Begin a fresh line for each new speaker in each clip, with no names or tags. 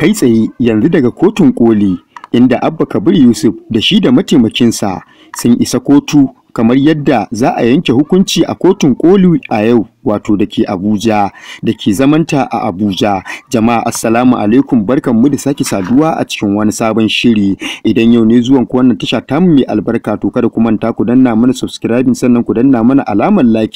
kai tsaye yanzu daga kotun koli inda abba kabir yusuf da shi da mataimakinsa sun isa kotu kamar yadda za a yanke hukunci a kotun koli a yau wato da ke Abuja da ke zamanta a Abuja. Jama'a assalamu alaikum barkan mu da sake saduwa a cikin wani sabon shiri. Idan yau ne zuwan ku wannan tasha ta mai albarka to kada ku manta ku danna mana subscribing sannan ku danna mana alamar like.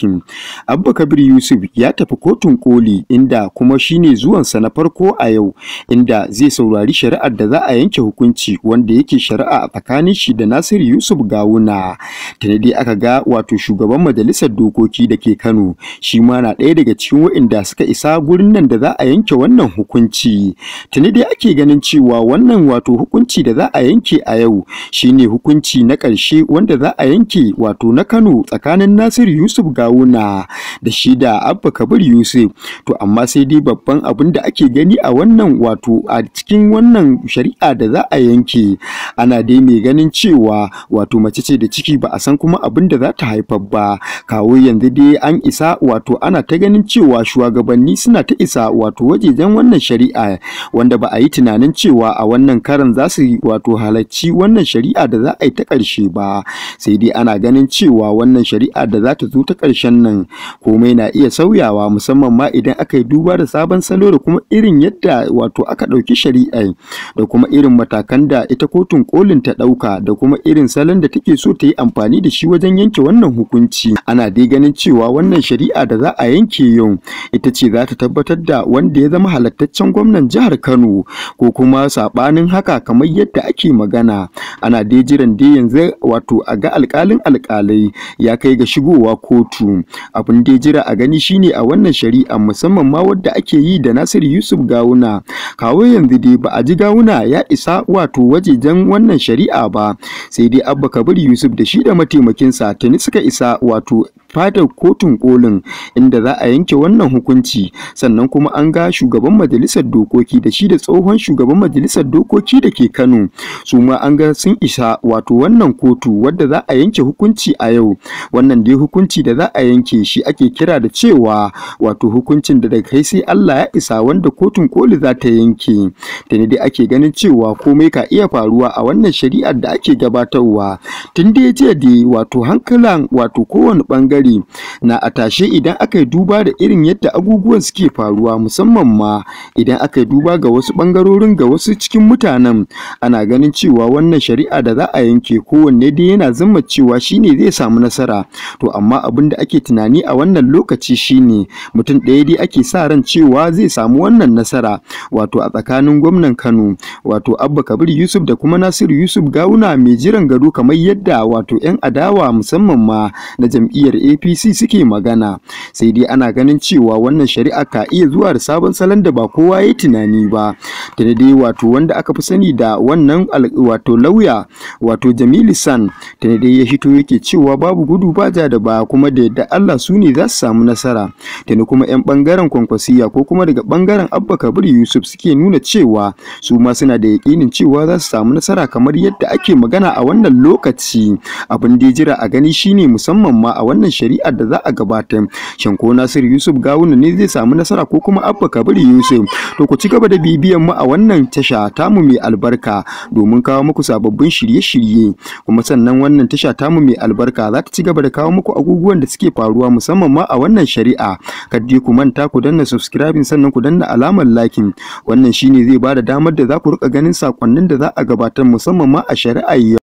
Abba Kabir Yusuf ya tafi kotun koli inda kuma shine zuwansa na farko a yau inda zai saurari shari'ar da za a yanke hukunci wanda yake shari'a a tsakanin shi da Nasir Yusuf Gawuna. Tana dai aka ga wato shugaban majalisar dokoki da ke Kano shi ma na ɗaya daga cikin wa'inda suka isa gurin nan da za a yanke wannan hukunci tuni dai ake ganin cewa wannan wato hukunci da za a yanke a yau shine hukunci na ƙarshe wanda za a yanke wato na Kano tsakanin Nasiru Yusuf Gawuna da shi da Abba Kabir Yusuf to amma sai dai babban abin da ake gani a wannan wato a cikin wannan shari'a da za a yanke ana dai mai ganin cewa wato mace ce da ciki ba a san kuma abin da za ta haifar ba kawo yanzu dai an isa wato wato ana ta ganin cewa shugabanni suna ta isa wato wajejen wannan shari'a wanda ba a yi tunanin cewa a wannan karan za su wato halarci wannan shari'a da za a yi ta ƙarshe ba sai dai ana ganin cewa wannan shari'a da za ta zo ta ƙarshen nan komai na iya sauyawa musamman ma idan aka yi duba da sabon salo da kuma irin yadda wato aka ɗauki shari'a da kuma irin matakan da ita kotun kolin ta ɗauka da kuma irin salon da take so ta yi amfani da shi wajen yanke wannan hukunci ana dai ganin cewa wannan shari'a da da za a yanke yau ita ce za ta tabbatar da wanda ya zama halattaccen gwamnan jihar Kano ko kuma sabanin haka kamar yadda ake magana ana dai jiran dai yanzu wato a ga alkalin alkalai ya kai ga shigowa kotu abin dai jira a gani shine a wannan shari'a musamman ma wadda ake yi da Nasiru Yusuf Gawuna kawo yanzu dai ba a ji Gawuna ya isa wato wajejen wannan shari'a ba sai dai Abba Kabir Yusuf da shi da mataimakinsa tuni suka isa wato fadar kotun kolin inda za a yanke wannan hukunci sannan kuma an ga shugaban majalisar dokoki da shi da tsohon shugaban majalisar dokoki da ke kano su ma an ga sun isa wato wannan kotu wadda za a yanke hukunci a yau wannan dai hukunci da za a yanke shi ake kira da cewa wato hukuncin da daga kai sai allah ya isa wanda kotun koli za ta yanke da ne dai ake ganin cewa komai ka iya faruwa a wannan shari'ar da ake gabatarwa tun dai jiya dai wato hankalan wato kowane bangare ɓangare na a tashe idan aka yi duba da irin yadda abubuwan suke faruwa musamman ma idan aka yi duba ga wasu ɓangarorin ga wasu cikin mutanen ana ganin cewa wannan shari'a da za a yanke kowanne dai yana zama cewa shine zai samu nasara to amma abin da ake tunani a wannan lokaci shine mutum ɗaya dai ake sa ran cewa zai samu wannan nasara wato a tsakanin gwamnan Kano wato Abba Kabir Yusuf da kuma Nasiru Yusuf Gawuna mai jiran gado kamar yadda wato 'yan adawa musamman ma na jam'iyyar APC suke magana sai dai ana ganin cewa wannan shari'a ka iya zuwa da sabon salon da ba kowa ya tunani ba da dai wato wanda aka fi sani da wannan wato lauya wato Jamilu San da dai ya hito yake cewa babu gudu ba ja da ba kuma da yadda Allah su ne za su samu nasara da kuma 'yan bangaren kwankwasiya ko kuma daga bangaren Abba Kabir Yusuf suke nuna cewa su ma suna da yakinin cewa za su samu nasara kamar yadda ake magana a wannan lokaci abin da jira a gani shine musamman ma a wannan shari'ar da za a gabatar shin ko Nasiru Yusuf Gawuna ne zai samu nasara ko kuma Abba Kabir Yusuf to ku ci gaba da bibiyan mu a wannan tasha tamu mai albarka domin kawo muku sababbin shirye-shirye kuma sannan wannan tasha tamu mai albarka za ta ci gaba da kawo muku abubuwan da suke faruwa musamman ma a wannan shari'a kaddi ku manta ku danna subscribing sannan ku danna alamar lakin wannan shine zai bada damar da za ku rika ganin sakonnin da za a gabatar musamman ma a shari'a